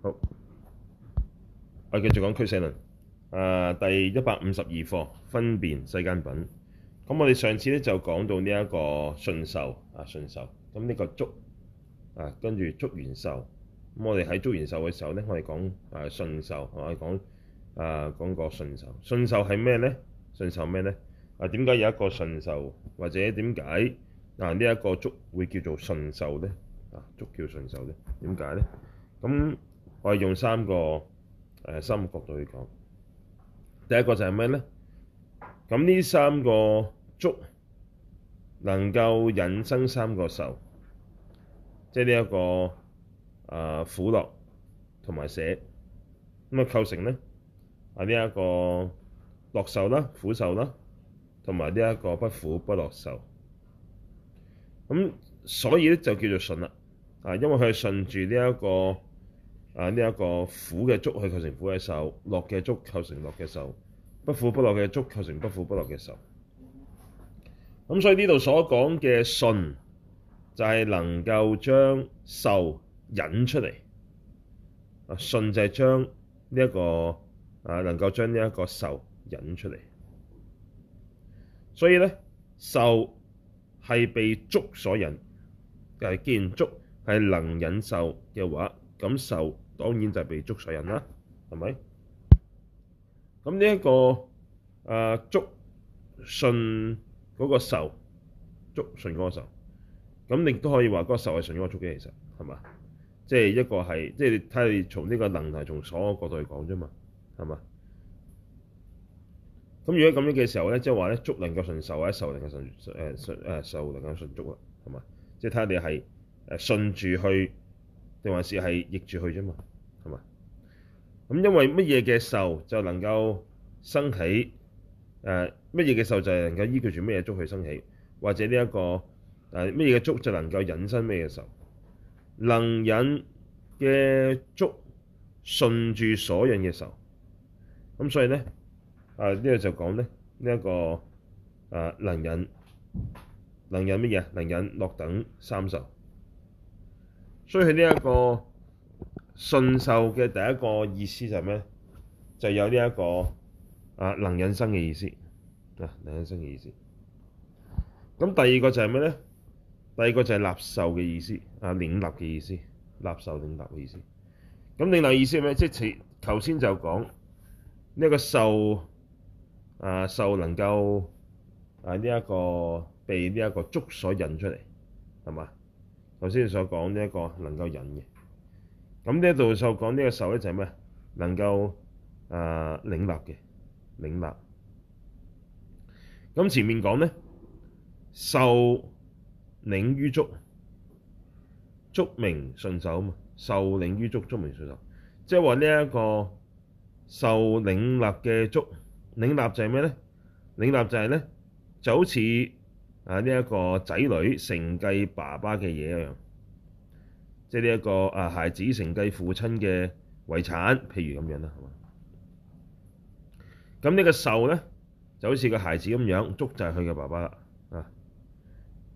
好，我繼續講俱舍論。啊，第一百五十二課分辨世間品。咁我哋上次咧就講到呢一個順受啊，順受。咁呢個觸啊，跟住觸緣受。咁我哋喺觸緣受嘅時候咧，我哋講啊順受，係咪講啊講個順受？順受係咩咧？順受咩咧？啊，點解、啊啊啊、有一個順受，或者點解嗱呢一個觸會叫做順受咧？啊，觸叫順受咧？點解咧？咁。我用三個誒、呃、三個角度去講，第一個就係咩咧？咁呢三個觸能夠引生三個受，這個，即係呢一個啊苦樂同埋捨，咁啊構成咧啊呢一，這個樂受啦、苦受啦，同埋呢一個不苦不樂受。咁所以咧就叫做順啦，啊因為佢係順住呢一個。啊！呢一個苦嘅觸係構成苦嘅受，樂嘅觸構成樂嘅受，不苦不樂嘅觸構成不苦不樂嘅受。咁所以呢度所講嘅順，就係能夠將受引出嚟。順就係將呢一個啊，能夠將呢一個受引出嚟。所以咧，受係被觸所引，但係既然觸係能引受嘅話，咁受，當然就係被觸所引啦，係咪？咁呢、這個啊就是、一個誒觸順嗰個受，觸順嗰個受，咁你都可以話嗰個受係順嗰個觸嘅，其實係嘛？即係一個係，即係睇下你從呢個能同從所有角度去講啫嘛，係嘛？咁如果咁樣嘅時候咧，即係話咧觸能夠順受，或者受能夠順誒順受能夠順觸啦，係嘛？即係睇下你係順住去，定還是係逆住去啫嘛？咁因為乜嘢嘅受就能夠生起，誒乜嘢嘅受就係能夠依據住乜嘢觸去生起，或者呢一個誒乜嘢嘅觸就能夠引生乜嘢嘅受，能引嘅觸順住所引嘅受，咁所以咧誒呢度就講咧呢一個誒能引能引乜嘢？能引樂等三受，所以係呢一個。順受嘅第一個意思就係咩？就有呢一個啊，能引生嘅意思啊，能引生嘅意思。咁第二個就係咩咧？第二個就係納受嘅意思啊，領納嘅意思，納受領納嘅意思。咁領納意思係咩？即係頭先就講呢一個受啊，受能夠啊呢一個被呢一個觸所引出嚟，係嘛？頭先所講呢一個能夠引嘅。咁呢一度就講呢個受咧，就係咩？能夠啊，領納嘅領納。咁前面講咧，受領於觸，觸名順受嘛。受領於觸，觸名順受，即係話呢一個受領納嘅觸領納就係咩咧？領納就係咧，就好似啊呢一個仔女承繼爸爸嘅嘢一樣。即係呢一個啊，孩子承繼父親嘅遺產，譬如咁樣啦，係嘛？咁呢個受咧就好似個孩子咁樣，觸就係佢嘅爸爸啦啊！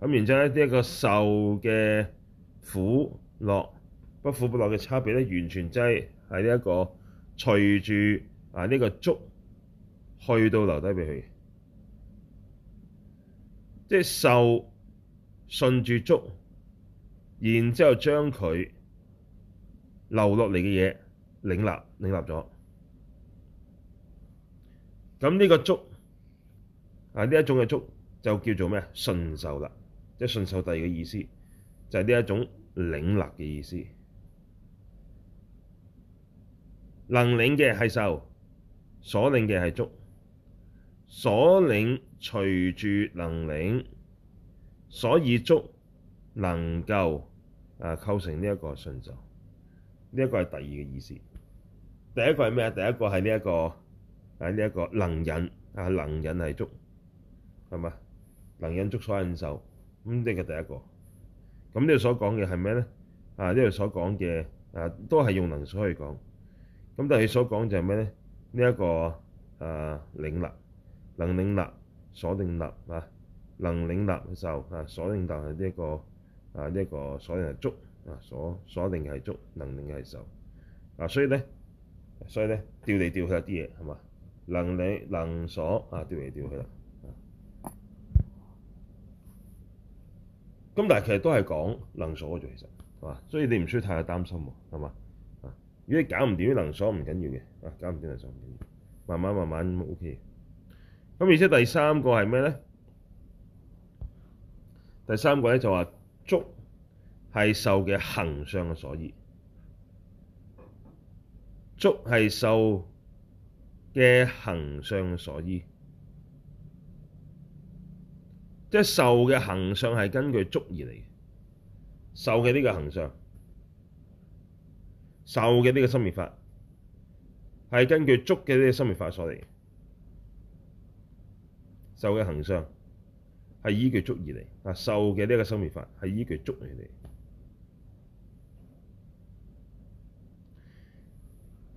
咁然之後咧，呢、這、一個受嘅苦樂不苦不樂嘅差別咧，完全即係喺呢一個隨住啊呢、這個觸去到留低俾佢，即係受順住觸。然之後將佢留落嚟嘅嘢領納，領納咗，咁呢個觸，啊呢一種嘅觸就叫做咩啊？順受啦，即係順受第二個意思，就係呢一種領納嘅意思。能領嘅係受，所領嘅係觸，所領隨住能領，所以觸能夠。啊，構成呢一個順受，呢一個係第二嘅意思。第一個係咩啊？第一個係呢一個啊，呢一個能引啊，能引係觸，係嘛？能引觸所引受，咁呢個第一個。咁呢度所講嘅係咩咧？啊，呢度所講嘅啊，都係用能所去講。咁但係佢所講就係咩咧？呢一個啊，領納，能領納，所領納啊，能領納受啊，所領納係呢一個。啊！一個所定係觸啊，所所定係觸，能定係受啊，所以咧，所以咧，調嚟調去一啲嘢係嘛，能理能所啊，調嚟調去啦。咁但係其實都係講能所嘅啫，其實係嘛，所以你唔需要太過擔心，係嘛啊。如果你搞唔掂啲能所唔緊要嘅，啊，搞唔掂能所唔緊要，慢慢慢慢 O K 嘅。咁而且第三個係咩咧？第三個咧就話。觸係受嘅行相嘅所依。觸係受嘅行相嘅所依。即係受嘅行相係根據觸而嚟嘅，受嘅呢個行相，受嘅呢個生滅法係根據觸嘅呢個生滅法所嚟嘅，受嘅行相。係依據觸而嚟，啊，受嘅呢一個生滅法係依據觸而嚟。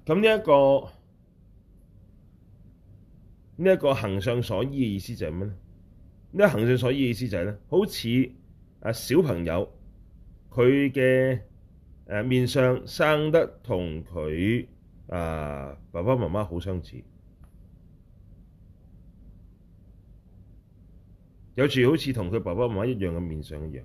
咁呢一個呢一、這個行相所依嘅意思就係咩咧？呢、這個行相所依嘅意思就係、是、咧，好似啊小朋友佢嘅誒面相生得同佢啊爸爸媽媽好相似。有住好似同佢爸爸媽媽一樣嘅面相一樣，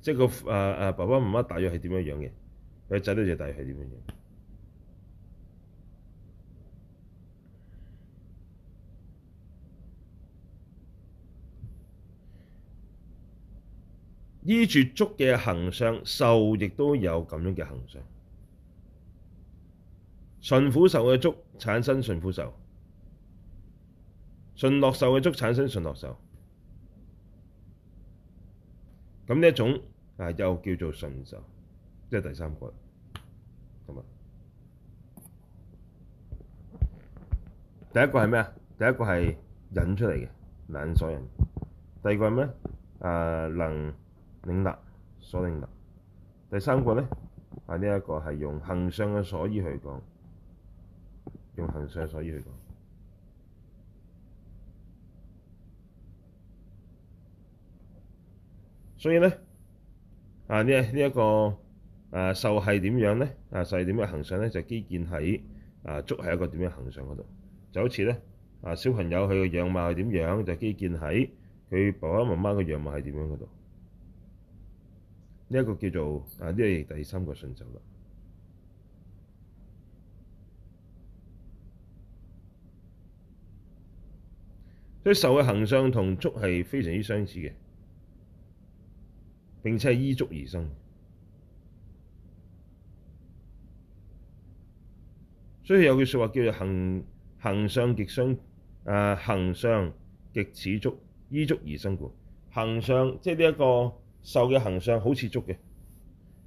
即係個誒誒爸爸媽媽大約係點樣樣嘅，佢仔女就大約係點樣樣。依住觸嘅行相，受亦都有咁樣嘅行相。順苦受嘅觸產生順苦受，順樂受嘅觸產生順樂受。咁呢一種啊，又叫做順受，即、就、係、是、第三個。咁啊，第一個係咩啊？第一個係引出嚟嘅，能所引。第二個係咩？啊、呃，能領納，所領納。第三個咧啊，呢、這、一個係用行相嘅所依去講。用行相，所以嚟講，所以咧，啊，呢呢一個啊，受係點樣咧？啊，受係點樣行相咧，就基建喺啊觸係一個點樣行相嗰度。就好似咧，啊小朋友佢嘅樣貌係點樣，就基建喺佢爸爸媽媽嘅樣貌係點樣嗰度，呢一個叫做啊，呢係第三個順受啦。所以受嘅行相同觸係非常之相似嘅，並且係依觸而生。所以有句說話叫做行行相極相，啊行相極似觸，依觸而生故。行相即係呢一個受嘅行相好似觸嘅，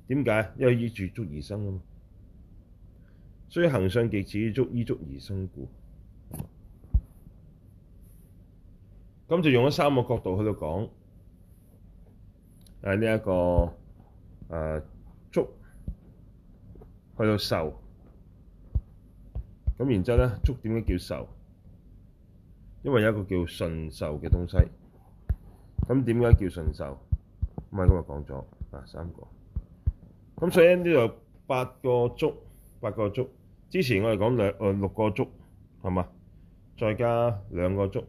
點解？因為依住觸而生啊嘛。所以行相極似觸，依觸而生故。咁就用咗三個角度去到講，誒呢一個誒觸、啊、去到受，咁然之後咧觸點解叫受？因為有一個叫順受嘅東西。咁點解叫順受？唔係今日講咗啊三個。咁所以呢度有八個觸，八個觸。之前我哋講兩誒六個觸，係咪？再加兩個觸。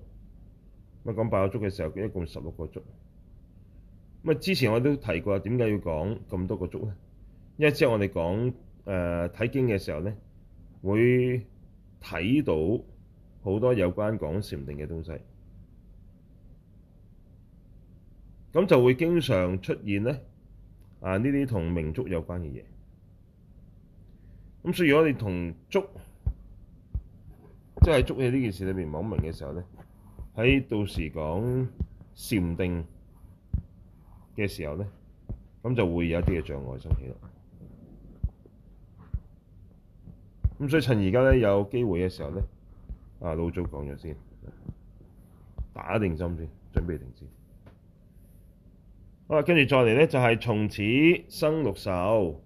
咁講八個觸嘅時候，一共十六個觸。咁啊，之前我都提過，點解要講咁多個觸咧？因為之後我哋講誒睇經嘅時候咧，會睇到好多有關講禪定嘅東西。咁就會經常出現咧啊呢啲同明觸有關嘅嘢。咁所以，我哋同觸即係觸喺呢件事裏邊冇明嘅時候咧。喺到時講禪定嘅時候咧，咁就會有一啲嘅障礙生起咯。咁所以趁而家咧有機會嘅時候咧，啊老早講咗先，打定針先，準備定先好。好啦，跟住再嚟咧就係從此生六受，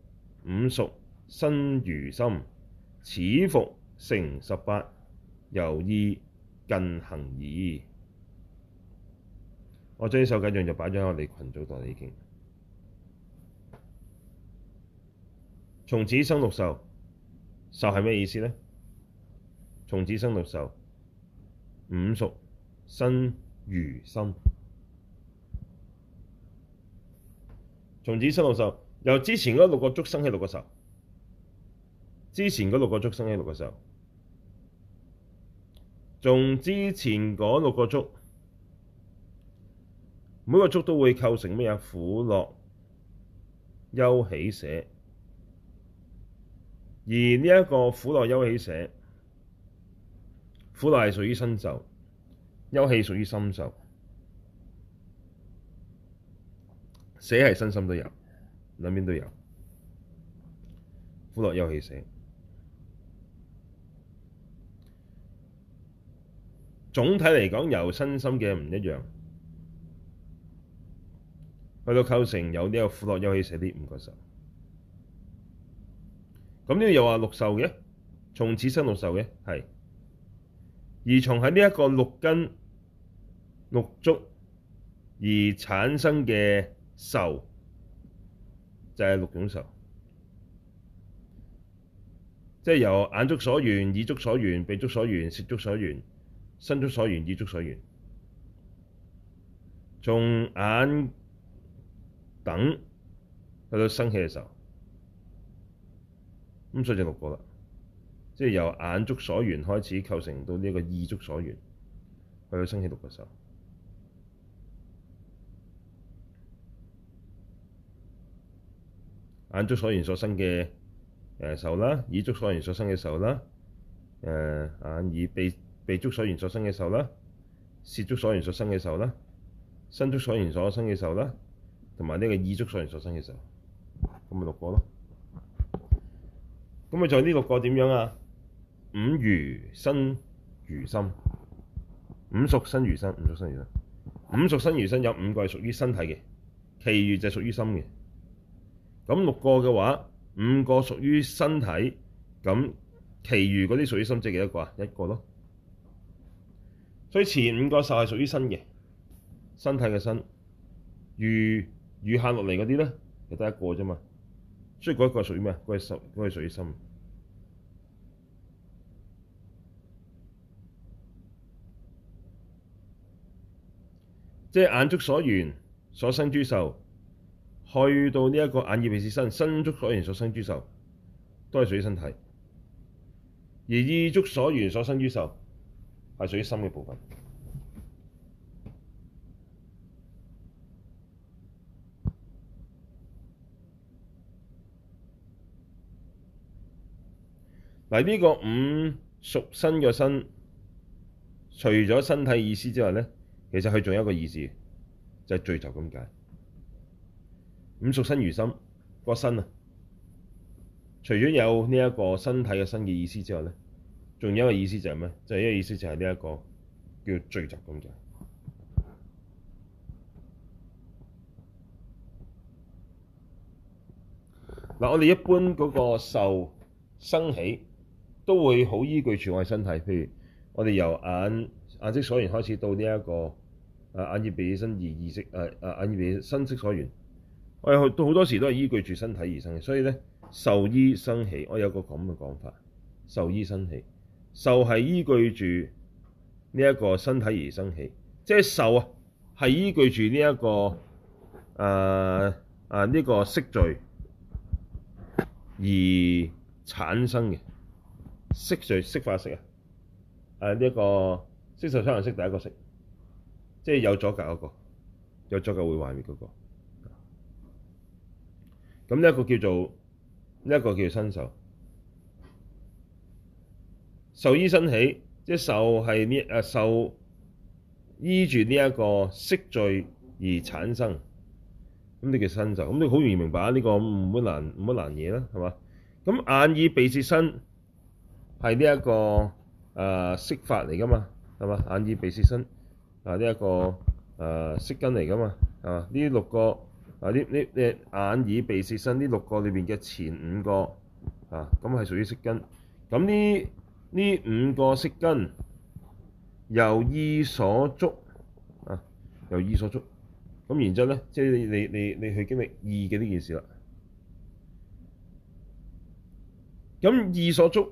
五屬身餘心，此復成十八，由意。近行異。我將啲手記就擺咗喺我哋群組度，已經。從此生六受，受係咩意思呢？從此生六受，五屬身餘心。從此生六受，由之前嗰六個觸生起六個受，之前嗰六個觸生起六個受。從之前嗰六個觸，每個觸都會構成咩嘢？苦樂、憂喜、捨。而呢一個苦樂憂喜捨，苦樂係屬於身受，憂喜屬於心受，捨係身，身，身心都有，兩邊都有。苦樂憂喜捨。總體嚟講，由身心嘅唔一樣去到構成，有呢個有苦樂，憂喜捨啲五個受。咁呢又話六受嘅，從此生六受嘅係，而從喺呢一個六根六觸而產生嘅受就係、是、六種受，即係由眼觸所緣、耳觸所緣、鼻觸所緣、舌觸所緣。身觸所緣，意觸所緣，從眼等去到生起嘅時候。咁所以就六個啦，即係由眼觸所緣開始構成到呢一個意觸所緣去到生起六個時候，眼觸所緣所生嘅誒受啦，耳、呃、觸所緣所生嘅受啦，誒、呃、眼耳鼻。鼻觸所緣所生嘅受啦，舌觸所緣所生嘅受啦，身觸所緣所生嘅受啦，同埋呢個意觸所緣所生嘅受，咁咪六個咯。咁咪就呢六個點樣啊？五屬身餘心，五屬身餘心，五屬身餘心，五屬身餘心有五個係屬於身體嘅，其餘就屬於心嘅。咁六個嘅話，五個屬於身體，咁其餘嗰啲屬於心，即係幾多個啊？一個咯。所以前五個受係屬於身嘅，身體嘅身。餘餘下落嚟嗰啲咧，就得一個啫嘛。所以嗰個屬於咩啊？嗰、那個受，嗰、那個屬於心。即係眼觸所緣所生諸受，去到呢一個眼耳鼻舌身，身觸所緣所生諸受，都係屬於身體。而意觸所緣所生諸受，係屬於心嘅部分。嗱，呢個五屬身嘅身，除咗身體意思之外咧，其實佢仲有一個意思，就係聚頭咁解。五屬身餘心個身啊，除咗有呢一個身體嘅身嘅意思之外咧。仲有一個意思就係咩？就係、是、一個意思就係呢一個叫聚集咁就嗱，我哋一般嗰個受生起都會好依據住我哋身體，譬如我哋由眼眼色所緣開始，到呢一個啊眼耳鼻舌身意意識啊，啊眼耳鼻舌身色所緣，我哋去都好多時都係依據住身體而生嘅。所以咧，受依身起，我有一個咁嘅講法：受依身起。受係依據住呢一個身體而生起，即係受，這個呃、啊，係依據住呢一個誒誒呢個色聚而產生嘅色聚色法式啊！誒呢一個色受想行識第一個色，即係有阻隔嗰，那個，有阻隔會壞滅嗰個。咁呢一個叫做呢一，這個、叫身受。受依身起，即係受係呢啊受依住呢一個色聚而產生咁，身你嘅身就咁，你好容易明白呢、呢個唔會難唔會難嘢啦，係嘛？咁眼耳鼻舌身係呢一個啊色法嚟噶嘛，係嘛？眼耳鼻舌身啊呢一個啊色根嚟噶嘛，係嘛？呢六個啊，呢呢呢眼耳鼻舌身呢六個裏邊嘅前五個啊，咁係屬於色根咁呢？呢五個色根由意所觸，啊，由意所觸。咁，然之後咧，即係你你你你去經歷意嘅呢件事啦。咁意所觸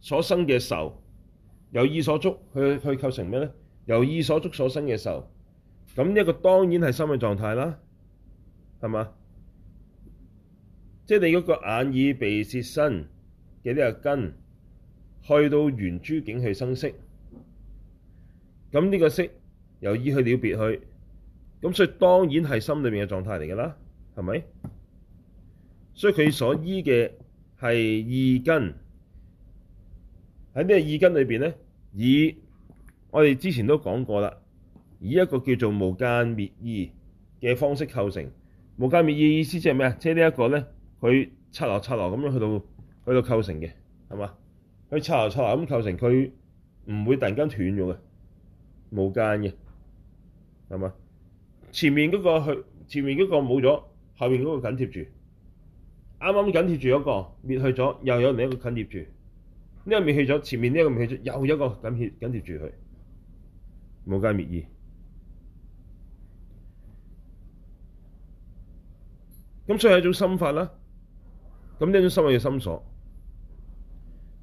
所生嘅受，由意所觸去去構成咩咧？由意所觸所生嘅受，咁呢一個當然係心理狀態啦，係嘛？即係你嗰個眼耳鼻舌身嘅呢個根。去到原珠景去生色，咁呢個色由依去了別去，咁所以當然係心裏面嘅狀態嚟㗎啦，係咪？所以佢所依嘅係意根，喺呢個意根裏面咧，以我哋之前都講過啦，以一個叫做無間滅意嘅方式構成。無間滅意意思即係咩啊？即係呢一個咧，佢七落七落咁樣去到去到構成嘅係嘛？佢插落插落咁構成，佢唔會突然間斷咗嘅，冇間嘅，係嘛？前面嗰個去，前面嗰個冇咗，後面嗰個緊貼住，啱啱緊貼住一個滅去咗，又有另一個緊貼住，呢個滅去咗，前面呢個滅去咗，又一個緊貼緊貼住佢，冇間滅意。咁所以係一種心法啦，咁呢種心法係心所。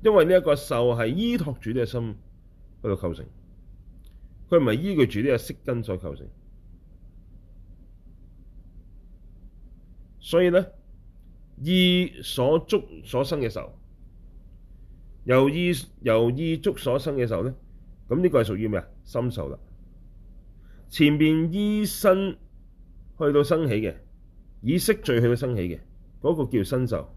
因為呢一個受係依託住呢個心去到構成，佢唔係依據住呢個色根所構成，所以咧意所觸所生嘅受，由意由意觸所生嘅受咧，咁、這、呢個係屬於咩啊？心受啦。前面依身去到生起嘅，以色聚去到生起嘅，嗰、那個叫身受。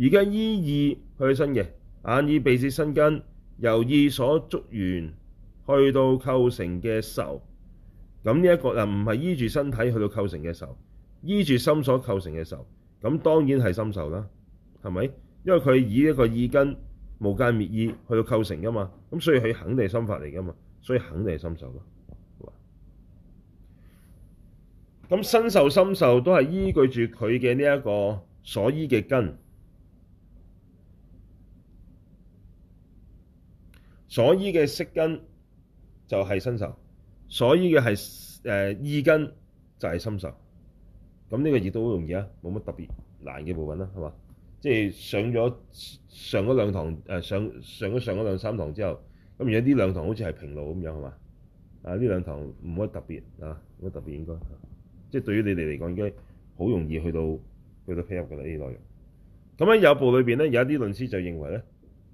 而家依意。去身嘅眼耳鼻舌身根，由意所觸緣，去到構成嘅受，咁呢一個又唔係依住身體去到構成嘅受，依住心所構成嘅受，咁當然係心受啦，係咪？因為佢以一個意根無間滅意去到構成噶嘛，咁所以佢肯定係心法嚟噶嘛，所以肯定係心受咯。咁身受心受都係依據住佢嘅呢一個所依嘅根。所依嘅色根就係新受，所依嘅係誒意根就係身受。咁呢個字都好容易啊，冇乜特別難嘅部分啦，係嘛？即、就、係、是、上咗上咗兩堂誒上上咗上咗兩三堂之後，咁而家呢兩堂好似係平路咁樣係嘛？啊呢兩堂冇乜特別啊，冇乜特別應該，即、就、係、是、對於你哋嚟講應該好容易去到去到配合嘅 k 呢啲內容。咁喺有部裏邊咧，有一啲論師就認為咧，呢、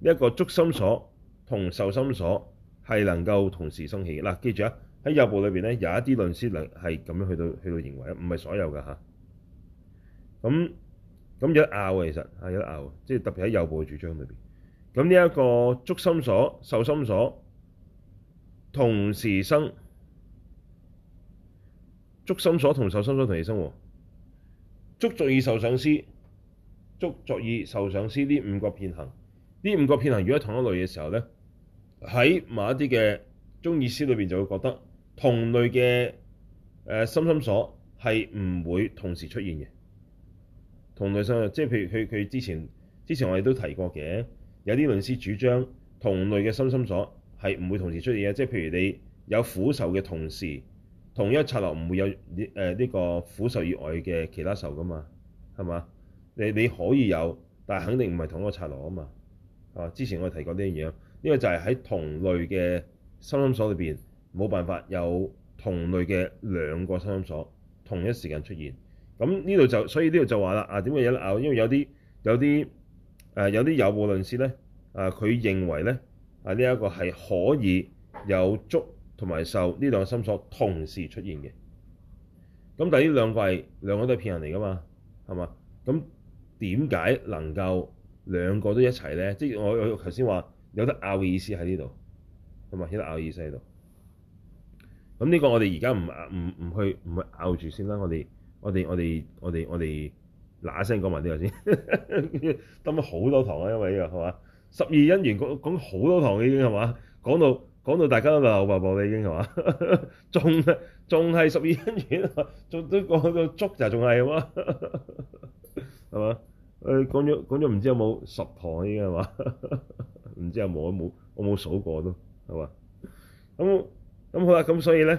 這、一個觸心所。同受心所係能夠同時生起嗱，記住啊，喺有部裏邊咧，有一啲論師能係咁樣去到去到認為啊，唔係所有噶嚇。咁咁有得拗嘅，其實係有得拗嘅，即係特別喺有部嘅主張裏邊。咁呢一個觸心所、受心所同時生，觸心所同受心所同時生，觸作意受想思、觸作意受想思呢五個遍行，呢五個遍行如果同一類嘅時候咧。喺某一啲嘅中意思裏邊就會覺得同類嘅誒心心所係唔會同時出現嘅。同類心所即係譬如佢，佢之前之前我哋都提過嘅，有啲論師主張同類嘅心心所係唔會同時出現嘅。即係譬如你有苦受嘅同時，同一剎那唔會有誒呢、呃這個苦受以外嘅其他受噶嘛？係嘛？你，你可以有，但係肯定唔係同一剎那啊嘛。啊，之前我哋提過呢樣嘢。呢、這個就係喺同類嘅心心所裏邊，冇辦法有同類嘅兩個心心所同一時間出現。咁呢度就所以這就說、啊、為什麼呢度就話啦啊，點嘅有咧，因為有啲有啲誒、啊、有啲有部論師咧啊，佢認為咧啊呢一、這個係可以有觸同埋受呢兩個心所同時出現嘅。咁但係呢兩個係兩個都係遍行嚟㗎嘛，係嘛？咁點解能夠兩個都一齊咧？即係我我頭先話。有得拗意思喺呢度，係咪有得拗意思喺度？咁呢個我哋而家唔拗唔唔去唔去拗住先啦。我哋我哋我哋我哋我哋嗱，聲講埋呢個先，得唔好多堂啊？因為呢、呢個係嘛十二因緣講好多堂已經係嘛，講到講到大家都流瀑布啦已經係嘛，仲仲係十二因緣，仲都講到足就係仲係嘛係嘛？誒、呃、講咗講咗唔知有冇十堂已經係嘛？唔知有冇？冇我冇數過都係嘛？咁咁好啦。咁所以咧，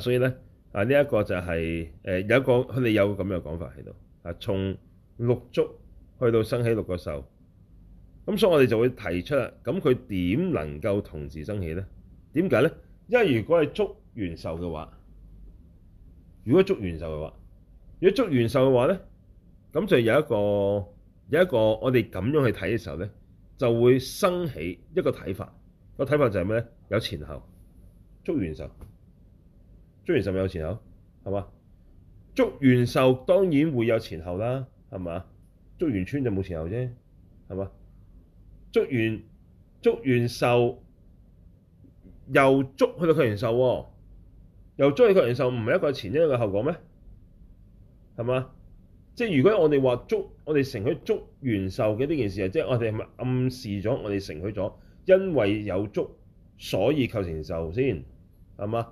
所以咧，啊，呢一個就係呃有一個，佢哋有咁嘅講法喺度。啊，從六觸去到生起六個受。咁所以我哋就會提出啦，咁佢點能夠同時生起咧？點解咧？因為如果係觸緣受嘅話，如果觸緣受嘅話，如果觸緣受嘅話咧，咁就有一個有一個我哋咁樣去睇嘅時候咧。就會生起一個睇法，個睇法就係咩咧？有前後，捉完受，捉完受咪有前後，係嘛？捉完受當然會有前後啦，係嘛？捉完村就冇前後啫，係嘛？捉完捉完受，又捉去到佢完受、哦，又捉去佢完受，唔係一個前一個後果咩？係嘛？即係如果我哋話捉。我哋承許觸緣受嘅呢件事啊，即係我哋係咪暗示咗我哋承許咗？因為有觸，所以構成受先，係嘛？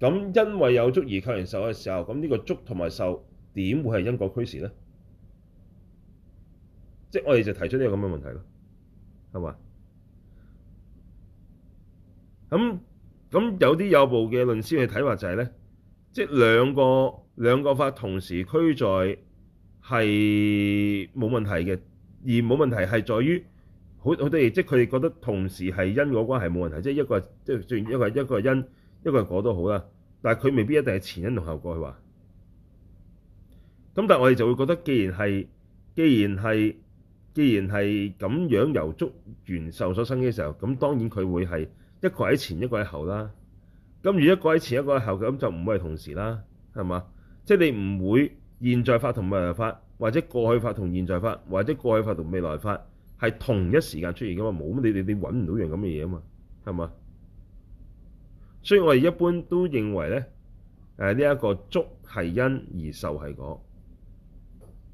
咁因為有觸而構成受嘅時候，咁呢個觸同埋受點會係因果俱時咧？即係我哋就提出呢個咁嘅問題咯，係嘛？咁咁有啲有部嘅論師嘅睇法就係咧，即係兩個兩個法同時俱在。係冇問題嘅，而冇問題係在於，好好多嘢，即係佢哋覺得同時係因果關係冇問題，即係一個即係算一個一個因，一個果都好啦。但係佢未必一定係前因同後果，佢話。咁但係我哋就會覺得既然係，既然係，既然係，既然係咁樣由足圓受所生嘅時候，咁當然佢會係一個喺前，一個喺後啦。咁如果一個喺前，一個喺後嘅，咁就唔會係同時啦，係嘛？即係你唔會。現在法同未來法，或者過去法同現在法，或者過去法同未來法，係同一時間出現噶嘛？冇乜，你你你揾唔到樣咁嘅嘢啊嘛，係嘛？所以我哋一般都認為咧，誒呢一個觸係因而受係果，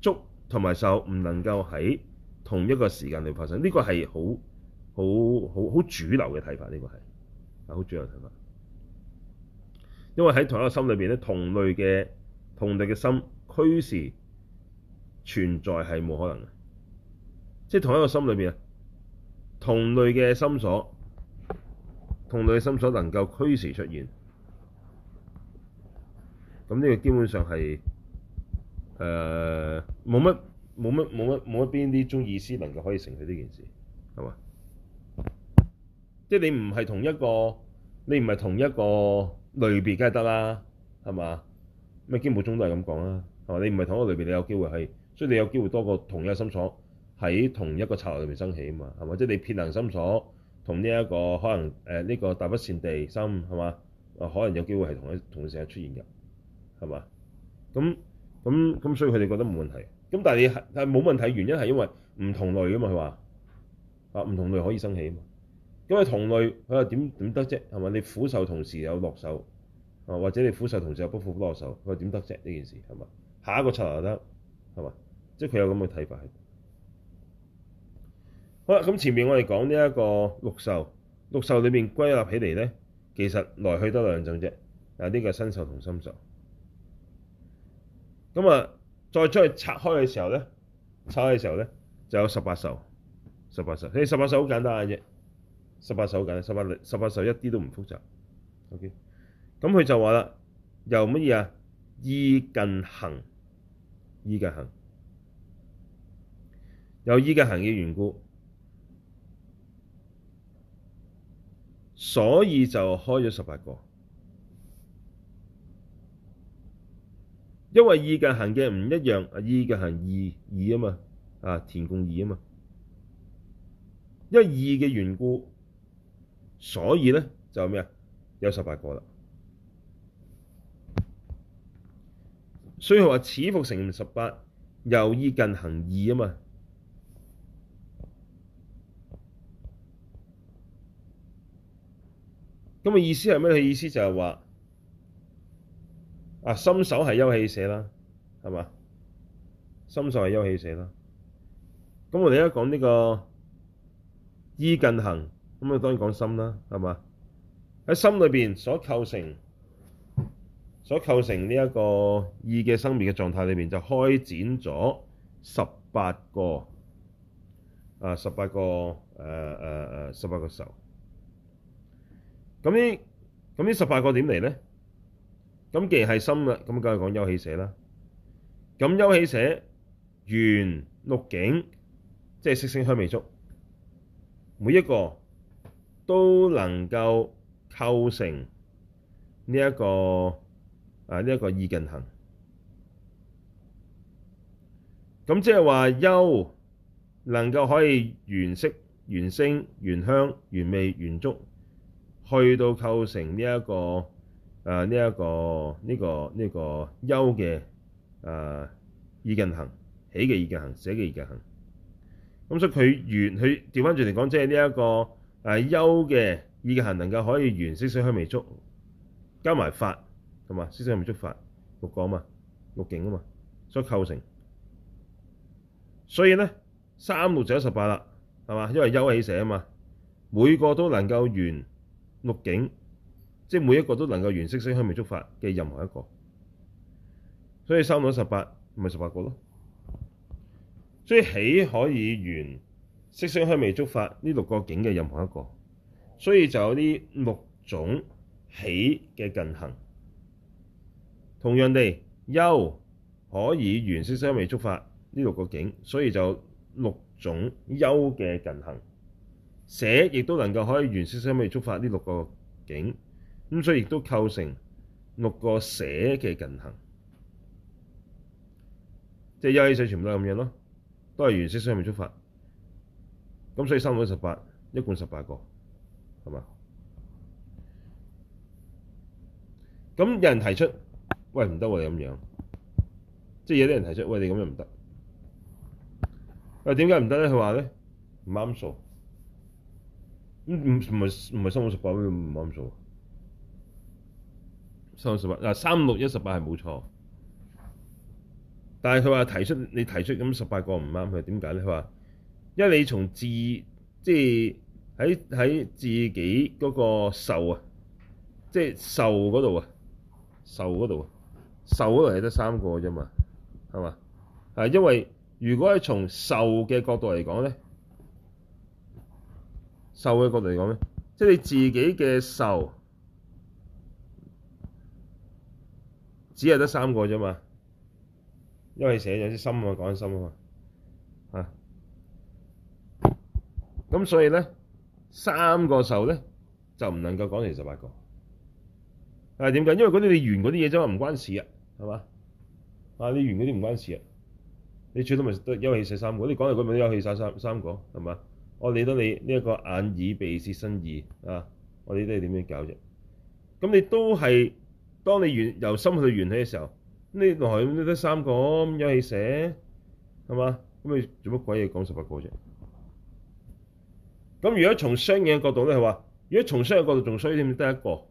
觸同埋受唔能夠喺同一個時間裏發生。呢個係好好好好主流嘅睇法，呢個係好主流睇法。因為喺同一個心裏邊咧，同類嘅同類嘅心。俱時存在係冇可能嘅，即係同一個心裏邊啊，同類嘅心所，同類嘅心所能夠俱時出現，咁呢個基本上係誒冇乜冇乜冇乜冇乜邊啲中意思能夠可以成佢呢件事，係嘛？即係你唔係同一個，你唔係同一個類別，梗係得啦，係嘛？咩經部宗都係咁講啦。你唔係同一個類別，你有機會係，所以你有機會多過同一個心所喺同一個策類入邊生起啊嘛，係嘛？即係你撇難心所同呢一個可能誒呢個大不善地心係嘛？啊，可能有機會係同一同時出現嘅係嘛？咁咁咁，所以佢哋覺得冇問題。咁但係你係冇問題，原因係因為唔同類啊嘛，佢話啊唔同類可以生起啊嘛。因為同類佢話點點得啫係咪？你苦受同時有樂受，啊，或者你苦受同時有不苦不樂受，佢話點得啫呢件事係嘛？是吧。下一個出來得係嘛，即係佢有咁嘅睇法。好啦，咁前面我哋講呢一個六受，六受裏邊歸納起嚟咧，其實來去得兩種啫。啊，呢個身受同心受。咁啊，再將佢拆開嘅時候咧，拆開嘅時候咧，就有十八受，十八受。其實十八受好簡單嘅啫，十八受好簡，十八十八受一啲都唔複雜。O K，咁佢就話啦，由乜嘢啊？意近行。意近行，有意近行嘅緣故，所以就開咗十八個。因為意近行嘅唔一樣，啊意近行二二啊嘛，啊田共二啊嘛，因為二嘅緣故，所以咧就咩啊有十八個啦。所以佢話此復成十八，由意近行異啊嘛。咁嘅意思係咩？意思就係話啊，心受係憂喜捨啦，係嘛？心受係憂喜捨啦。咁我哋而家講呢個意近行，咁啊當然講心啦，係嘛？喺心裏邊所構成。所構成呢一個意嘅生命嘅狀態裏面，就開展咗十八個啊，十八個誒誒誒，十、啊、八、啊、個受。咁呢咁呢十八個點嚟咧？咁既然係心啦，咁梗係講憂喜捨啦。咁憂喜捨、緣六境，即、就、係、是、色聲香味觸，每一個都能夠構成呢、這、一個。啊！呢一個意近行，咁即係話憂能夠可以緣色、緣聲、緣香、緣味、緣觸，去到構成呢一個啊呢一個呢個呢個憂嘅啊意近行，喜嘅意近行，捨嘅意近行。咁所以佢緣佢調翻轉嚟講，即係呢一個啊憂嘅意近行能夠可以緣色、香、味、觸，加埋法。同埋色聲香味觸法六個嘛，六境啊嘛，所以構成。所以咧三六就一十八啦，係嘛？因為喜憂捨啊嘛，每個都能夠緣六境，即係每一個都能夠緣色聲香味觸法嘅任何一個，所以三六十八咪十八個咯。所以喜可以緣色聲香味觸法呢六個境嘅任何一個，所以就有呢六種喜嘅近行。同樣地，憂可以緣色聲香味觸法呢六個境，所以就六種憂嘅近行。捨亦都能夠可以緣色聲香味觸法呢六個境，咁所以亦都構成六個捨嘅近行。即係憂、捨全部都係咁樣咯，都係緣色聲香味觸法。咁所以三六十八，一共十八個，係嘛？咁有人提出。喂，唔得喎！你咁樣，即係有啲人提出，喂，你咁又唔得。喂，點解唔得咧？佢話咧，唔啱數，唔唔唔係唔係三十八咩？唔啱數。三五十八嗱，三六一十八係冇錯，但係佢話提出你提出咁十八個唔啱，佢點解咧？佢話，因為你從自即係喺喺自己嗰個受啊，即係受嗰度啊，受嗰度啊。受嗰個係得三個啫嘛，係嘛？係，因為如果係從受嘅角度嚟講咧，受嘅角度嚟講咧，即係你自己嘅受，只係得三個啫嘛。因為寫有啲深啊嘛，講得深啊嘛，嚇。咁所以咧，三個受咧就唔能夠講成十八個。係點解？因為嗰啲你完嗰啲嘢啫嘛，唔關事啊。係嘛？啊，你完嗰啲唔關事啊。你最多咪都一口氣三個，你講嚟講去都一口氣三三個，係嘛？我理得你呢一個眼耳鼻舌身意啊！我理得你係點樣搞啫？咁你都係當你完由心去到完起嘅時候，咁你內面都得三個，咁一口氣，係嘛？咁你做乜鬼嘢講十八個啫？咁如果從相嘅角度咧，係話，如果從相嘅角度仲衰添，得一個，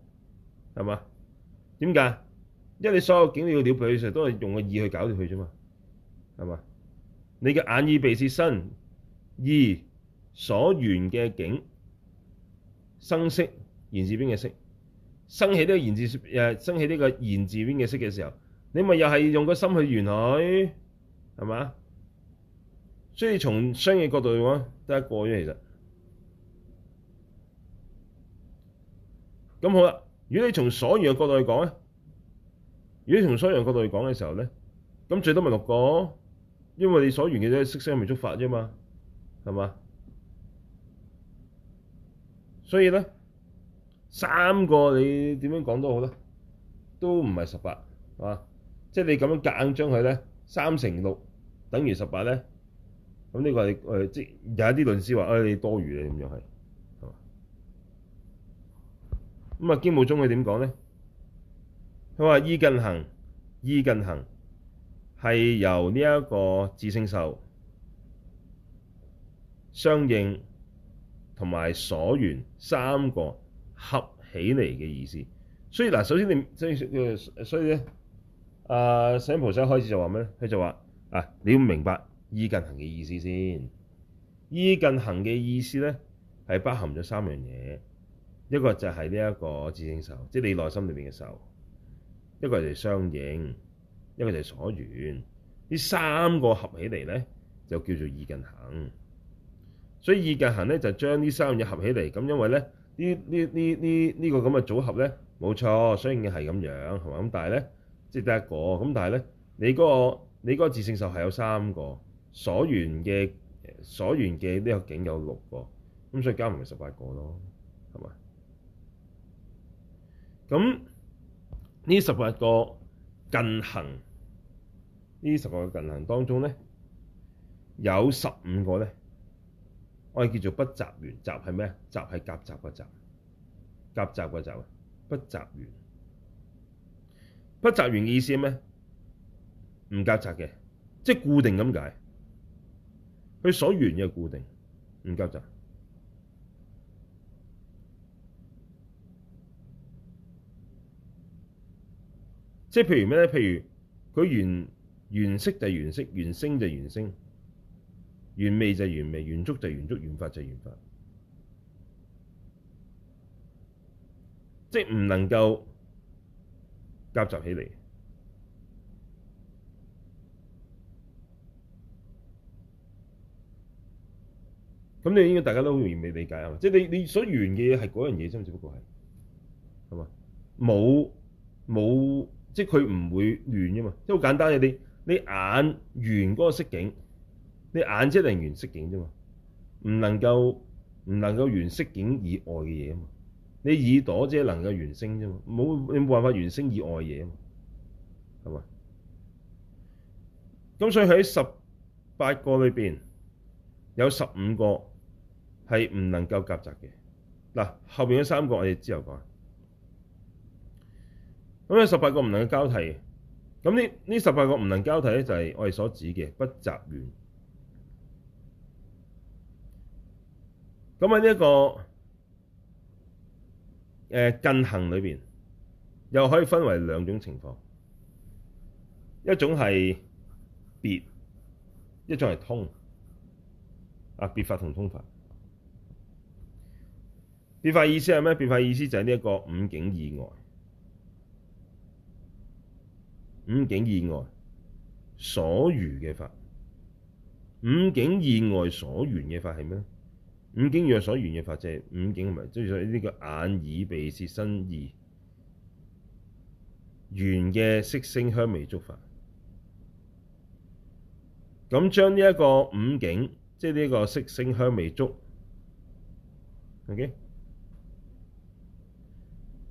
係嘛？點解？因為你所有境料嘅料，佢其實都係用個意去搞掂佢啫嘛，係嘛？你嘅眼耳鼻舌身，意所緣嘅境生色，言字邊嘅色生起呢個言字誒、呃、生起呢個言字邊嘅色嘅時候，你咪又係用個心去緣佢，係嘛？所以從相應嘅角度嚟講得一個啫其實。咁好啦，如果你從所緣嘅角度去講咧。如果從雙陽角度去講嘅時候咧，咁最多咪六個，因為你所緣嘅咧色、聲、味、觸、法啫嘛，係嘛？所以咧，三個你點樣講都好啦，都唔係十八，係嘛？即係你咁樣夾硬將佢咧三乘六等於十八咧，咁呢個係誒，即有一啲論師話誒，你多餘啊，咁樣係，係嘛？咁啊經部中佢點講咧？佢話意近行，意近行係由呢一個自性受、相應、同埋所緣三個合起嚟嘅意思。所以嗱，首先你所以誒，所以咧，誒，世親菩薩一開始就話咩咧？佢就話啊，你要明白意近行嘅意思先。意近行嘅意思咧係包含咗三樣嘢，一個就係呢一個自性受，即係你內心裏邊嘅受。一個就係相應，一個就係所緣，呢三個合起嚟咧，就叫做意近行。所以意近行咧就將呢三樣嘢合起嚟。咁因為咧呢呢呢呢呢個咁嘅組合咧，冇錯，相應嘅係咁樣，係嘛？咁但係咧，即、就、係、是、第一個。咁但係咧，你嗰、那個你嗰自性受係有三個，所緣嘅所緣嘅呢個境有六個，咁所以加埋咪十八個咯，係嘛？咁呢十八個近行，呢十八個近行當中咧有十五個咧，我哋叫做不雜緣。雜係咩？雜係夾雜嘅雜，夾雜嘅雜，不雜緣。不雜緣意思咩？唔夾雜嘅，即係固定咁解。佢所緣嘅固定，唔夾雜。即係譬如咩咧？譬如佢緣緣色就係緣色，緣聲就係緣聲，緣味就係緣味，緣觸就係緣觸，緣法就係緣法。即係唔能夠夾雜起嚟。咁你應該大家都好容易未理解啊嘛！即係你你所緣嘅嘢係嗰樣嘢啫，只不過係係嘛冇冇。即係佢唔會亂啫嘛，即係好簡單嘅，你你眼緣嗰個色境，你眼只能緣色境啫嘛，唔能夠唔能夠緣色境以外嘅嘢啊嘛，你耳朵只能夠緣聲啫嘛，冇你冇辦法緣聲以外嘢啊嘛，係嘛？咁所以喺十八個裏邊，有十五個係唔能夠夾雜嘅，嗱後邊嗰三個我哋之後講。咁有十八個唔能交替，咁呢呢十八個唔能交替咧，就係我哋所指嘅不雜緣。咁喺呢一個誒近、呃、行裏邊，又可以分為兩種情況，一種係別，一種係通。啊，別法同通法，別法意思係咩？別法意思就係呢一個五境以外。五境以外所餘嘅法，五境以外所緣嘅法係咩？五境若所緣嘅法就係五境，唔係即係呢個眼耳鼻舌身意，緣嘅色聲香味觸法。咁將呢一個五境，即係呢個色聲香味觸，OK，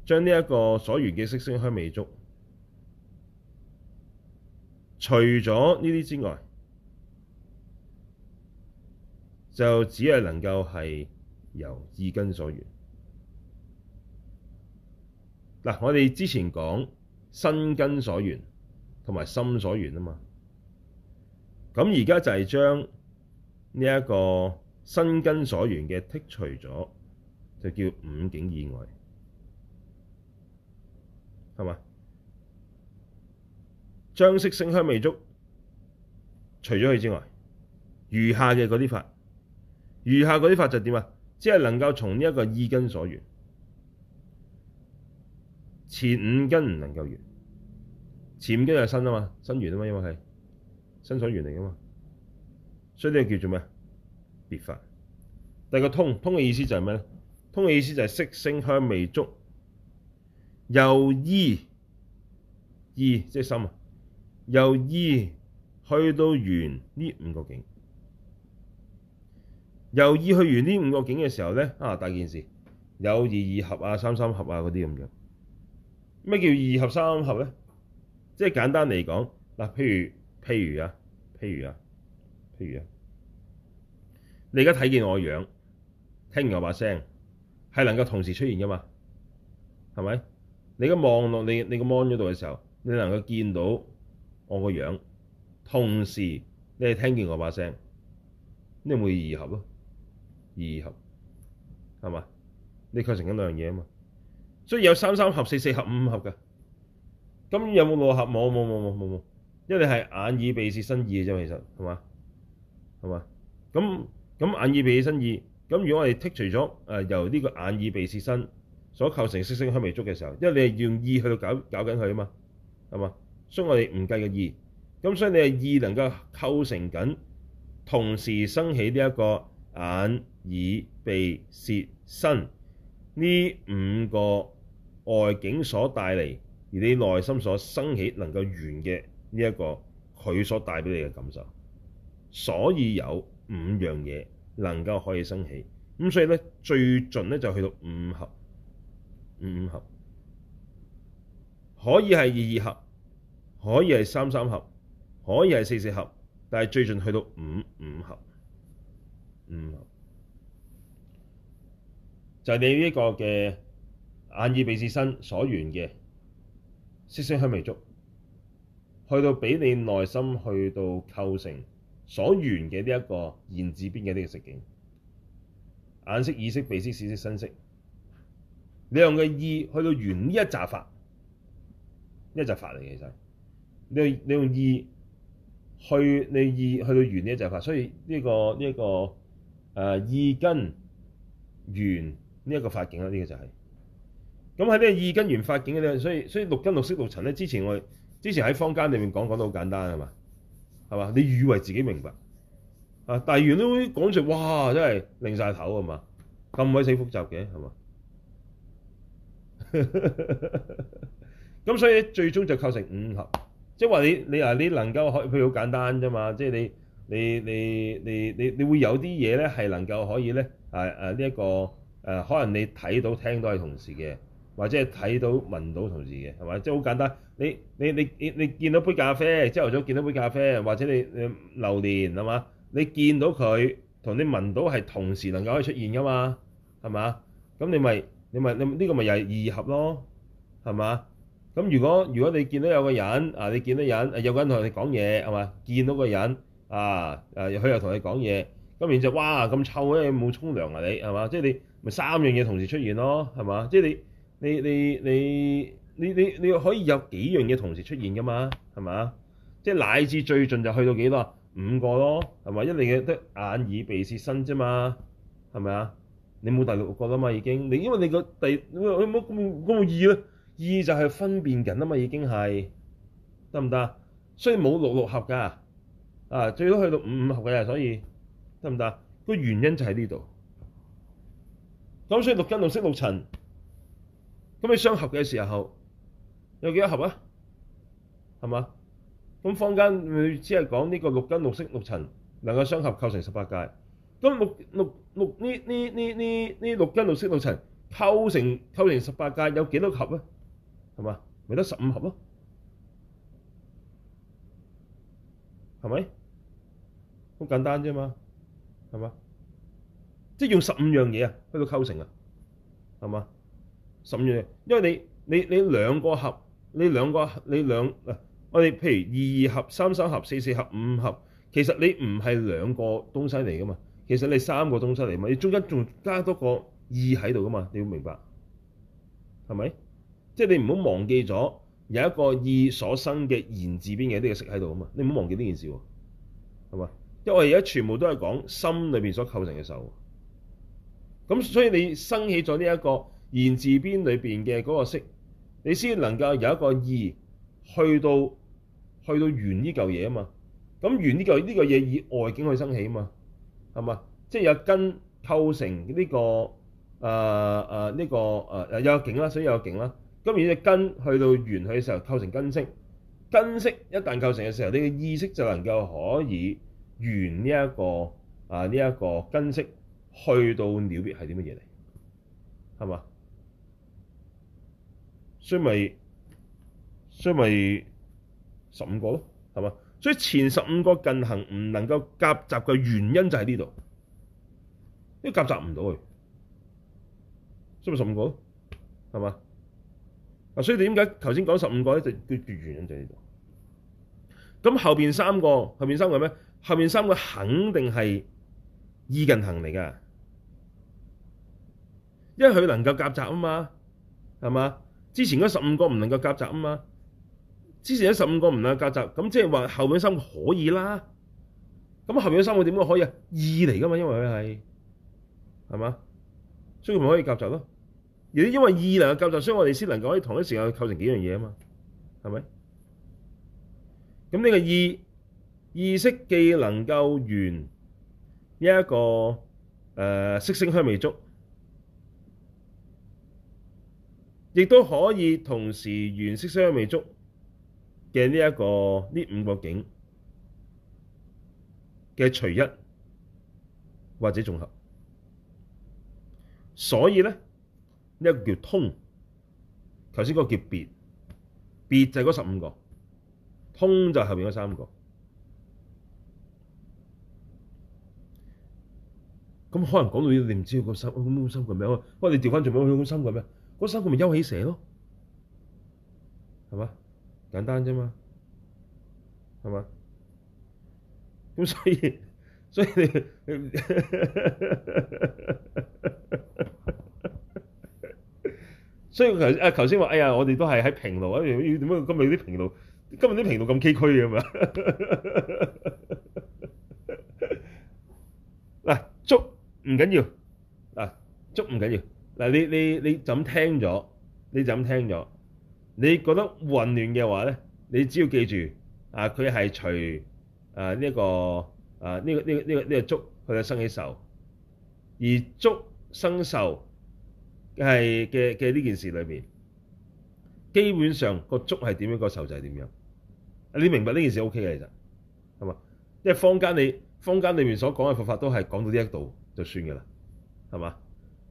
將呢一個所餘嘅色聲香味觸。除咗呢啲之外，就只係能夠係由意根所緣。嗱，我哋之前講身根所緣同埋心根所緣啊嘛，咁而家就係將呢一個身根所緣嘅剔除咗，就叫五境以外，係嘛？將色聲香味觸，除咗佢之外，餘下嘅嗰啲法，餘下嗰啲法就點啊？只係能夠從呢一個意根所緣，前五根唔能夠緣，前五根係新啊嘛，新緣啊嘛，因為係新所緣嚟噶嘛，所以呢個叫做咩？別法。第二個通通嘅意思就係咩咧？通嘅意思就係色聲香味觸，由意意即係心啊！由二去到圓呢五個景，由二去完呢五個景嘅時候咧，啊大件事有二二合啊、三三合啊嗰啲咁嘅。咩叫二合三合咧？即係簡單嚟講嗱，譬如譬如啊，譬如啊，譬如啊，你而家睇見我嘅樣，聽完我把聲，係能夠同時出現噶嘛？係咪？你而家望落你你個 mon 度嘅時候，你能夠見到？我個樣，同時你係聽見我把聲，你會唔會二合咯？二合，係嘛？你構成緊兩樣嘢啊嘛。所以有三三合、四四合、五合嘅。咁有冇六合？冇冇冇冇冇冇。因為你係眼耳鼻舌身意嘅啫，其實係嘛？係嘛？咁咁眼耳鼻舌身意，咁如果我哋剔除咗誒由呢個眼耳鼻舌身所構成色聲香味觸嘅時候，因為你係用意去搞搞緊佢啊嘛，係嘛？所以我哋唔計嘅意，咁所以你嘅意能夠構成緊，同時生起呢一個眼、耳、鼻、舌、身呢五個外境所帶嚟，而你內心所生起能夠緣嘅呢一個佢所帶俾你嘅感受。所以有五樣嘢能夠可以生起，咁所以咧最盡咧就去到五合，五五合可以係二二合。可以係三三合，可以係四四合，但係最近去到五五合，五合就係、是、你呢個嘅眼耳鼻舌身所緣嘅色聲香味觸，去到俾你內心去到構成所緣嘅呢一個言字邊嘅呢個識境，眼識耳識鼻識舌識身識，你用嘅意去到緣呢一集法，一集法嚟其實。你用你用意去，你意去到圓呢一隻法，所以呢、呢個、呢個呢一個誒意根圓呢一個法境啦，呢、呢個就係、是。咁喺呢個意根圓法境嘅咧，所以所以六根六色六塵咧，之前我之前喺坊間裏面講講到好簡單係嘛，係嘛？你以為自己明白啊，但係原來都講出哇，真係擰晒頭係嘛？咁鬼死複雜嘅係嘛？咁 所以最終就構成五合。即係話你你啊你能夠可以譬如好簡單啫嘛，即係你你你你你你會有啲嘢咧係能夠可以咧啊啊呢一個誒可能你睇到聽到係同時嘅，或者係睇到聞到同時嘅係嘛？即係好簡單你你你你你見到杯咖啡朝頭早見到杯咖啡，或者你你榴蓮係嘛？你見到佢同你聞到係同時能夠可以出現噶嘛？係嘛？咁你咪你咪你呢個咪又係二合咯，係嘛？咁如果如果你見到有個人啊，你見到人啊，有個人同你講嘢係嘛？見到個人啊啊佢又同你講嘢，咁然之後，哇咁臭啊，啊你冇沖涼啊、就是、你，係嘛？即係你咪三樣嘢同時出現咯係嘛？即係、就是、你你你你你你你可以有幾樣嘢同時出現㗎嘛係嘛？即係、就是、乃至最盡就去到幾多啊？五個咯係嘛？一嚟嘅得眼耳鼻舌身啫嘛係咪啊？你冇第六個㗎嘛已經，你因為你個第冇冇冇二啦。二就係分辨緊啦嘛，已經係得唔得？所以冇六六合嘅，啊最多去到五五合嘅，所以得唔得？個原因就喺呢度。咁所以六根六色六層，咁你相合嘅時候有幾多合啊？係嘛？咁坊間佢只係講呢個六根六色六層能夠相合構成十八界。咁六六六呢呢呢呢呢六根六色六層構成構成十八界有幾多合啊？係嘛？咪得十五盒？咯係咪？好簡單啫嘛？係嘛？即係用十五樣嘢啊，去到構成啊，係嘛？十五樣嘢，因為你你你兩個盒，你兩個你兩，我哋譬如二二盒、三三盒、四四盒、五五盒，其實你唔係兩個東西嚟噶嘛，其實你三個東西嚟嘛，你中間仲加多個二喺度噶嘛，你要明白，係咪？即係你唔好忘記咗有一個意所生嘅言字邊嘅呢個色喺度啊嘛！你唔好忘記呢件事喎，係嘛？因為而家全部都係講心裏邊所構成嘅受。咁所以你生起咗呢一個言字邊裏邊嘅嗰個色，你先能夠有一個意去到去到緣呢嚿嘢啊嘛。咁緣呢嚿呢個嘢以外境去生起啊嘛，係嘛？即係有根構成呢、呢個誒誒呢個誒、呃、有個景啦，所以有個景啦。咁而隻根去到緣去嘅時候，構成根識。根識一旦構成嘅時候，你嘅意識就能夠可以緣呢一個啊呢一個根識去到了別係啲乜嘢嚟？係嘛？所以咪所以咪十五個咯，係嘛？所以前十五個近行唔能夠夾雜嘅原因就喺呢度，因為夾雜唔到佢，所以咪十五個咯，係嘛？所以點解頭先講十五個咧，就叫絕緣就喺度？咁後邊三個後邊三個咩？後邊三個肯定係意近行嚟噶因為佢能夠夾雜啊嘛，係嘛？之前嗰十五個唔能夠夾雜啊嘛，之前嗰十五個唔能夠夾雜，咁即係話後邊三個可以啦。咁後邊三個點解可以啊？意嚟噶嘛，因為佢係，係嘛？所以佢咪可以夾雜咯。也因為意能夠構造，所以我哋先能夠同一時間構成幾樣嘢啊嘛，係咪？噉呢個意意識既能夠緣呢一個、呃、色聲香味觸，亦都可以同時緣色香味觸嘅呢一個呢五個境嘅隨一或者綜合，所以呢。呢個叫通，頭先個叫別別就係嗰十五個，通就係後邊嗰三個。咁可能講到你唔知佢個三個，個三個個名啊？喂，你調翻做俾我，個三個個名，嗰三個咪休起蛇咯，係嘛？簡單啫嘛，係嘛？咁所以，所以你。 所以頭啊頭先話，哎呀，我哋都係喺平路，點解今日啲平路今日啲平路咁崎嶇嘅嘛？嗱，觸唔緊要，嗱，觸唔緊要，嗱，你你你就咁聽咗，你就咁聽咗，你覺得混亂嘅話咧，你只要記住，啊，佢係隨啊呢個啊呢個呢個呢個呢個觸，佢就生起受，而觸生受。係嘅嘅呢件事裏面，基本上個觸係點樣，個受就係點樣，你明白呢件事 O K 嘅，其實，係嘛？因為坊間你坊間裏面所講嘅佛法都係講到呢一度就算嘅啦，係嘛？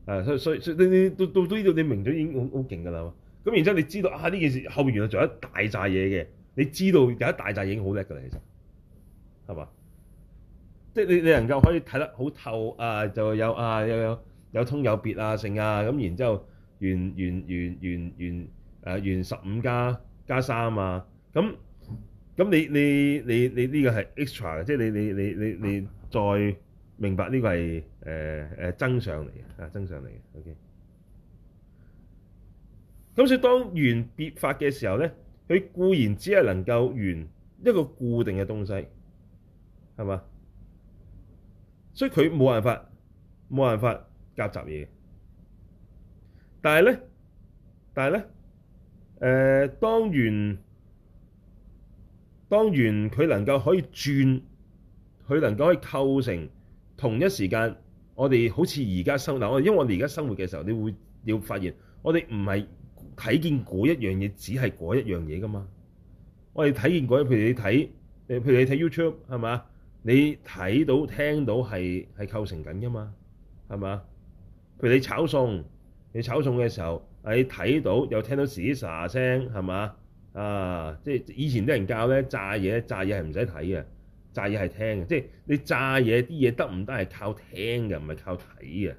啊，所以所以，所以你你到到呢度你明咗已經好好勁噶啦，咁然之後你知道啊呢件事後面原來仲有一大扎嘢嘅，你知道有一大紮已經好叻噶啦，其實係嘛？即係你你能夠可以睇得好透啊，就有啊有有。有有通有別啊，勝啊，咁然之後，緣緣緣緣緣誒緣十五加加三啊，咁咁你你你你呢個係 extra 嘅，即係你你你你你再明白呢個係誒誒真相嚟嘅啊，真相嚟嘅，OK。咁所以當緣別法嘅時候咧，佢固然只係能夠緣一個固定嘅東西，係嘛？所以佢冇辦法，冇辦法。夾雜嘢，但係咧，但係咧，誒、呃，當然，當然佢能夠可以轉，佢能夠可以構成同一時間，我哋好似而家生嗱，我因為我哋而家生活嘅時候，你會要發現，我哋唔係睇見嗰一樣嘢，只係嗰一樣嘢噶嘛我哋睇見嗰，譬如你睇，誒，譬如你睇 YouTube 係嘛？你睇到聽到係係構成緊噶嘛係嘛？譬如你炒餸，你炒餸嘅時候，你睇到又聽到嘶沙聲，係嘛？啊，即係以前啲人教咧，炸嘢，炸嘢係唔使睇嘅，炸嘢係聽嘅，即係你炸嘢啲嘢得唔得係靠聽嘅，唔係靠睇嘅，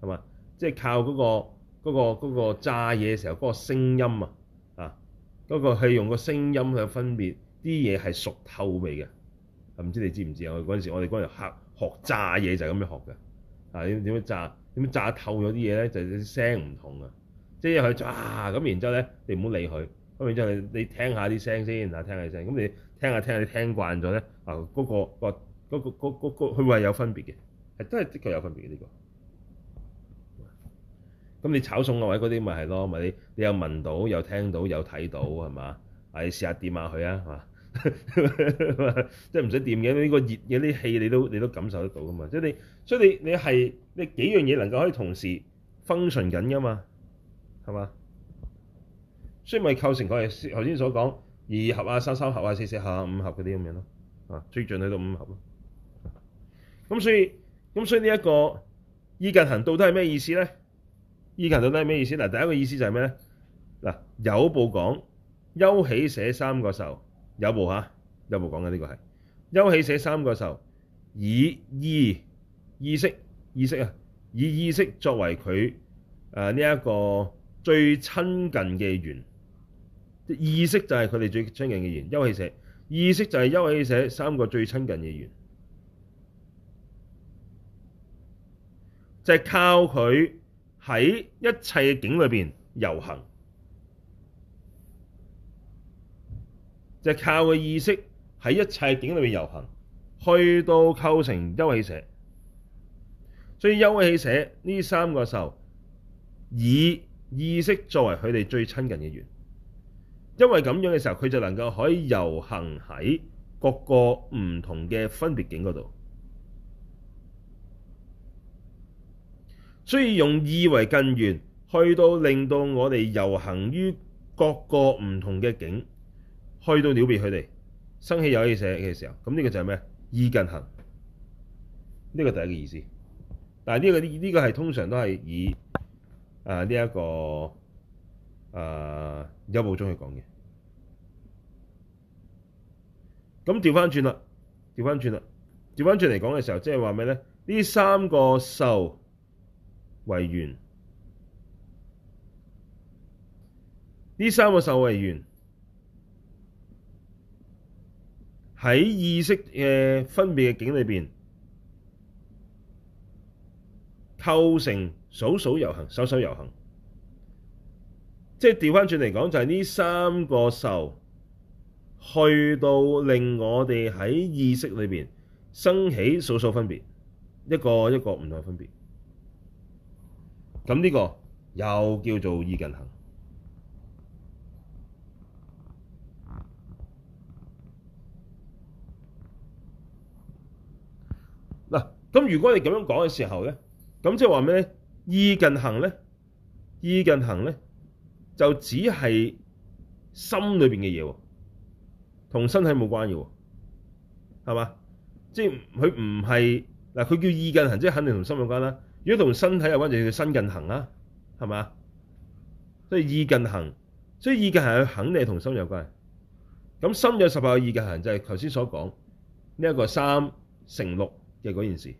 係嘛？即係靠嗰個嗰個嗰個炸嘢嘅時候嗰個聲音啊，啊，嗰個係用個聲音去分別啲嘢係熟透未嘅，啊，唔知你知唔知啊？我嗰陣時，我哋嗰陣時學學炸嘢就係咁樣學嘅，啊點樣炸？點樣炸透咗啲嘢咧？就啲、係、聲唔同啊！即係佢炸。咁，然之後咧，你唔好理佢。咁然之後你，你你聽下啲聲先吓，聽下啲聲。咁你聽下聽下，你聽慣咗咧啊，嗰、嗰個嗰、嗰個嗰嗰佢會係有分別嘅，係真係的確有分別嘅呢、呢個。咁你炒餸嘅位嗰啲咪係咯，咪你你又聞到又聽到又睇到係嘛？你試下掂下佢啊，係嘛？ 即係唔使掂嘅，呢、這個熱嘅啲氣，你都你都感受得到噶嘛。即係你，所以你是你係你幾樣嘢能夠可以同時 function 緊噶嘛？係嘛？所以咪構成佢係頭先所講二合啊、三三合啊、四四合啊、五合嗰啲咁樣咯啊，最盡去到五合咯。咁所以咁所以呢一個意近行到底係咩意思咧？意近行到底係咩意思？嗱，第一個意思就係咩咧？嗱，有部講憂喜捨三個受。有部有部講嘅呢個係憂喜捨三個受，以意意識意識啊，以意識作為佢誒呢一個最親近嘅緣，即意識就係佢哋最親近嘅緣。憂喜捨意識就係憂喜捨三個最親近嘅緣，就係、是、靠佢喺一切境裏邊遊行。就是、靠嘅意識喺一切境裏面遊行，去到構成憂喜捨。所以憂喜捨呢三個受以意識作為佢哋最親近嘅緣，因為咁樣嘅時候，佢就能夠可以遊行喺各個唔同嘅分別境嗰度。所以用意為近緣去到令到我哋遊行於各個唔同嘅境。去到鳥別佢哋，生氣有嘢寫嘅時候，咁呢個就係咩？意近行，呢、這個第一個意思。但係、這、呢個呢、這個係通常都係以誒呢一個誒優步中去講嘅。咁調翻轉啦，調翻轉啦，調翻轉嚟講嘅時候，即係話咩咧？呢三個受為緣，呢三個受為緣。喺意識嘅分別嘅境裏邊，構成數數遊行、數數遊行。即係調翻轉嚟講，就係、是、呢三個受，去到令我哋喺意識裏邊生起數數分別，一個一個唔同嘅分別。咁呢個又叫做意近行。咁如果你咁樣講嘅時候咧，咁即係話咩？意近行咧，意近行咧，就只係心裏邊嘅嘢，同身體冇關嘅，係嘛？即係佢唔係嗱，佢叫意近行，即係肯定同心有關啦。如果同身體有關，就叫身近行啦，係嘛？即係意近行，所以意近行，佢肯定係同心有關。咁心有十八個意近行，就係頭先所講呢一個三乘六。嘅嗰件事，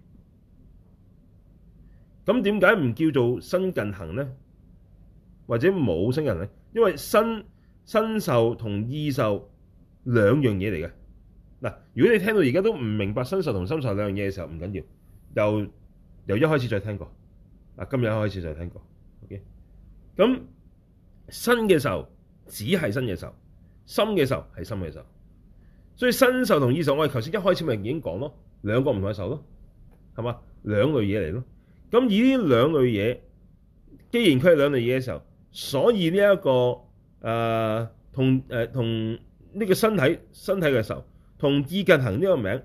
咁點解唔叫做身近行咧？或者冇身近行咧？因為身身受同意受兩樣嘢嚟嘅嗱。如果你聽到而家都唔明白身受同心受兩樣嘢嘅時候，唔緊要，由由一開始再聽過嗱。今日一開始再聽過，OK。咁身嘅受只係身嘅受，心嘅受係心嘅受，所以身受同意受，我哋頭先一開始咪已經講咯。兩個唔同嘅受咯，係嘛？兩類嘢嚟咯。咁以呢兩類嘢，既然佢係兩類嘢嘅時候，所以呢、這、一個誒、呃、同誒、呃、同呢個身體身體嘅受同意近行呢個名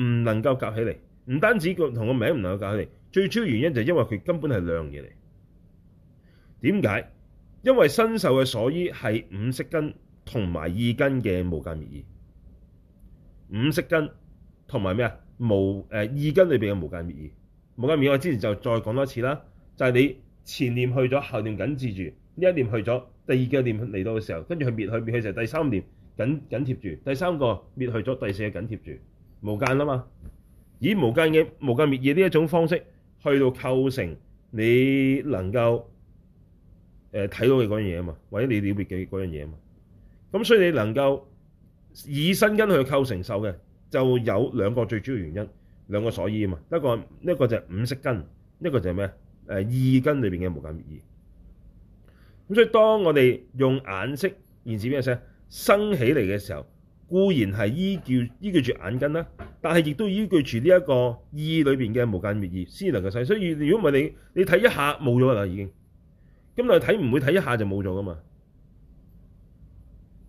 唔能夠夾起嚟，唔單止個同個名唔能夠夾起嚟，最主要原因就係因為佢根本係兩樣嘢嚟。點解？因為身受嘅所依係五色根同埋意根嘅無間滅意，五色根同埋咩啊？無，誒意根裏邊嘅無間滅意，無間滅意，我之前就再講多次啦，就係、是、你前念去咗，後念緊接住呢一念去咗，第二嘅念嚟到嘅時候，跟住佢滅去滅去時第三念緊緊貼住，第三個滅去咗，第四個緊貼住，無間啦嘛，以無間嘅無間滅意呢一種方式去到構成你能夠誒睇、呃、到嘅嗰樣嘢啊嘛，或者你了別嘅嗰樣嘢啊嘛，咁所以你能夠以身根去構成受嘅。就有兩個最主要原因，兩個所依啊嘛。一個一個就係五色根，一個就係咩？誒意根裏邊嘅無間滅意。咁所以當我哋用眼識，言字邊個識生起嚟嘅時候，固然係依叫依據住眼根啦，但係亦都依據住呢一個意裏邊嘅無間滅意先能夠生。所以如果唔係，你你睇一下冇咗啦，已經咁你睇唔會睇一下就冇咗噶嘛。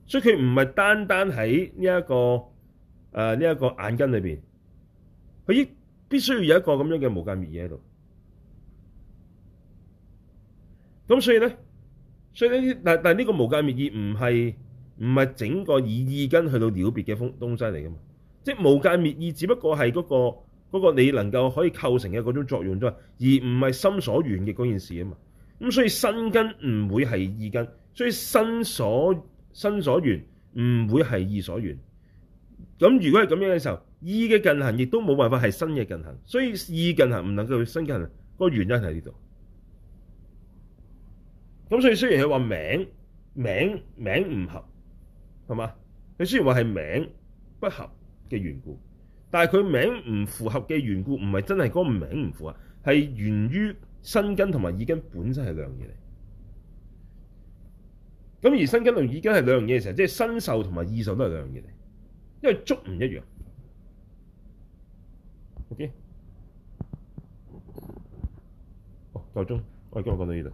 所以佢唔係單單喺呢一個。誒呢一個眼根裏邊，佢必必須要有一個咁樣嘅無間滅意喺度。咁所以咧，所以咧，但但呢個無間滅意唔係唔係整個以意根去到了別嘅風東西嚟噶嘛？即係無間滅意，只不過係嗰個嗰個你能夠可以構成嘅嗰種作用啫，而唔係心所緣嘅嗰件事啊嘛。咁所以身根唔會係意根，所以身所身所緣唔會係意所緣。咁如果係咁樣嘅時候，意嘅近行亦都冇辦法係身嘅近行，所以意近行唔能夠去身近行。個原因係呢度。咁所以雖然佢話名名名唔合，係嘛？佢雖然話係名不合嘅緣故，但係佢名唔符合嘅緣故，唔係真係個名唔符合，係源於身根同埋意根本身係兩樣嘢嚟。咁而身根同意根係兩樣嘢嘅時候，即係身受同埋意受都係兩樣嘢嚟。因為粥唔一樣，OK？好，哦，夠鐘，我而家講到呢度。